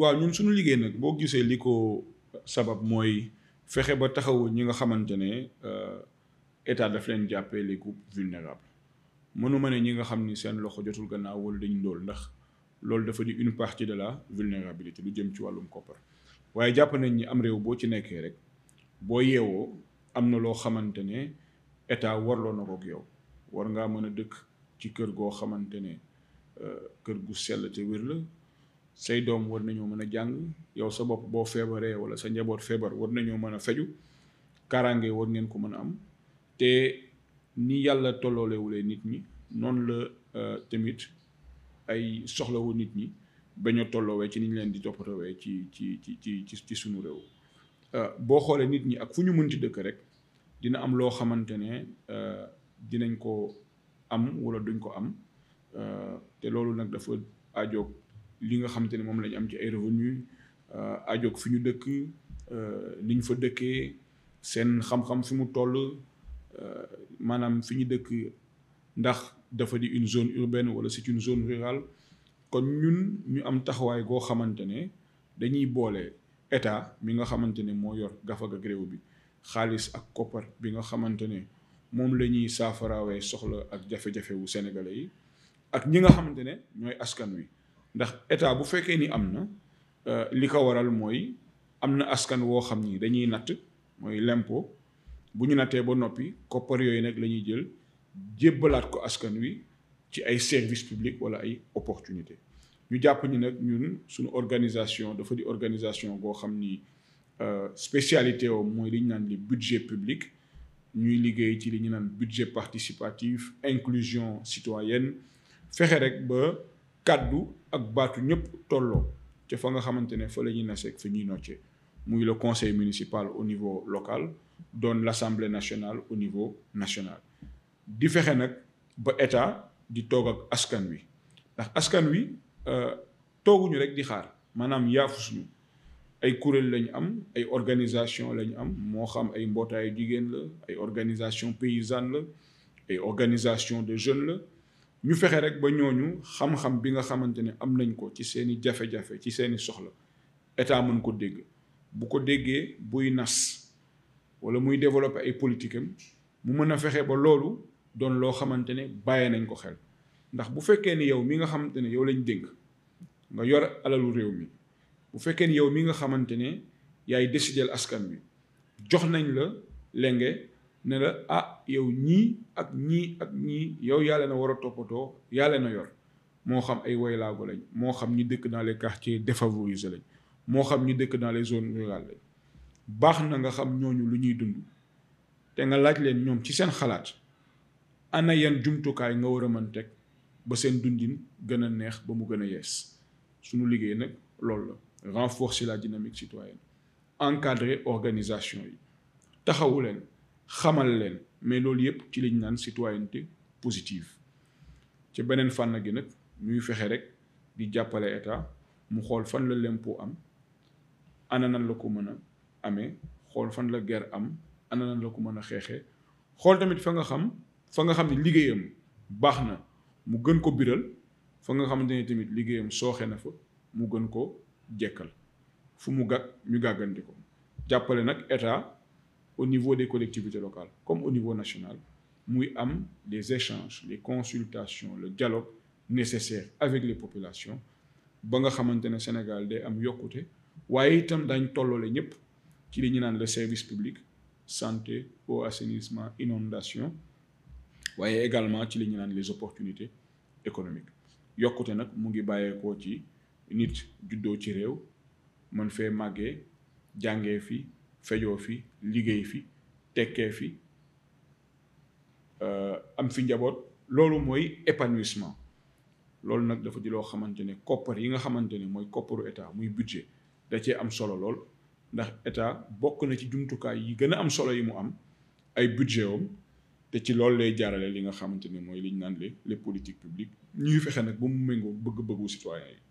waaw ñun suñu liggéey nag boo gisee li ko sabab mooy fexe ba taxaw ñi nga xamante ne euh, état daf leen jàppee les groupes vulnérables mënuma ne ñi nga xam ni seen loxo jotul gannaaw wala dañ ndool ndax loolu dafa di une partie de la vulnérabilité lu jëm ci wàllum koppar waaye jàpp nañ ni am réew boo ci nekkee rek boo yeewoo am na loo xamante ne état warloo na kook yow war ngaa mën a dëkk ci kër goo xamante ne euh, kër gu sell te wér la say doom war nañoo mën a jàng yow sa bopp boo feebaree wala sa njaboot feebar war nañoo mën a feju kaaraange war ngeen ko mën a am te ni yàlla tolloolewulee nit ñi noonu la euh, tamit ay soxlawu nit ñi bañ a tolloowee ci ni ñu leen di toppatoowee ci ci ci ci ci sunu réew euh, boo xoolee nit ñi ak fu ñu mënti dëkk rek dina am loo xamante ne euh, dinañ ko am wala duñ ko am te loolu nag dafa ajoog li nga xamante ne moom la ñu am ci ay revenu euh, ajoog fi ñu dëkk euh, ni ñu fa dëkkee seen xam-xam fi mu toll euh, maanaam fi ñu dëkk ndax dafa di une zone urbaine wala c'est une zone rurale kon ñun ñu am taxawaay goo xamante ne dañuy boole état mi nga xamante ne moo yor gafa ga réew bi xaalis ak koppar bi nga xamante ne moom la ñuy saafaraawee soxla ak jafe-jafe wu sénégalais yi ak ñi nga xamante ne ñooy askan wi ndax état bu fekkee ni am na euh, li ko waral mooy am na askan woo xam ni dañuy natt mooy lempo bu ñu nattee ba noppi koppar yooyu nag la ñuy jël jébbalaat ko askan wi ci ay services publics wala ay opportunités ñu jàpp ni nag ñun suñu organisation dafa di organisation goo xam ni euh, spécialité woo mooy li ñu naan li budget public ñuy liggéey ci li ñu naan budget participatif inclusion citoyenne fexe rek ba kàddu ak batu ñep tolloo ci fa nga xamantene ne fa la ñuy naseeg fa ñuy muy le conseil municipal au niveau local donne l'assemblée nationale au niveau national di fexé nak ba état di toog ak askan wi ndax askan wi euh, ñu rek di xaar maanaam yaafusñu ay kuréel lañu am ay organisation lañu am mo xam ay mbootaayu jigen la ay organisation paysanne la ay organisation de jeunes la ñu fexe rek ba ñooñu xam-xam bi nga xamante ne am nañ ko ci seeni jafe-jafe ci seeni soxla état mën ko dégg bu ko déggee buy nas wala muy développer ay politique mu mën a fexe ba loolu doon loo xamante ne bàyyee nañ ko xel ndax bu fekkee ni yow mi nga xamante ne yow lañ dénk nga yor alalu réew mi bu fekkee yow mi nga xamante ne yaay décider askan wi jox nañ la lenge ne la ah yow ñii ak ñii ak ñii yow yaa na war a toppatoo yàlla na yor moo xam ay waylaago lañ moo xam ñi dëkk naa les quartiers défavorisés lañ moo xam ñi dëkk naa les zones rurales lañ baax na nga xam ñooñu lu ñuy dund te nga laaj leen ñoom ci seen xalaat ana yan jumtukaay nga war a mën teg ba seen dundin gën a neex ba mu gën a yees suñu liggéey nag loolu la renforcer la dynamique citoyenne encadrer organisation yi taxawu leen xamal leen mais loolu yëpp ci liñ naan citoyenneté positive ci beneen fànna gi nag ñuy fexe rek di jàppale état mu xool fan la l'impôt am ana nan la ko mën a amee xool fan la guerre am ana nan la ko mën a xeexee xool tamit fa nga xam fa nga xam ne liggéeyam baax na mu gën ko biral fa nga xamante ne tamit liggéeyam sooxe na fa mu gën ko jekkal fu mu gàgg ñu gàggante ko jàppale nag état au niveau des collectivités locales comme au niveau national nous avons des échanges des consultations le dialogue nécessaire avec les populations ba nga des Sénégal day am yokkute waaye itam dañ tolloole ñëpp ci li le service public santé eau assainissement inondation avons également ci li les opportunités économiques nous avons mu ngi bàyyeekoo ci nit juddoo ci réew mën fee fejoo fi liggéey fi tekkee fi euh, am fi njaboot loolu mooy épanouissement loolu nag dafa di loo xamante ne koppar yi nga xamante ne mooy kopparu état muy budget da cee am solo lool ndax état bokk na ci jumtukaay yi gën a am solo yi mu am ay budget am te ci loolu lay jaarale li nga xamante ne mooy liñ naan le les politiques publiques ñuy fexe nag ba mu méngoo bëgg-bëggu citoyen yi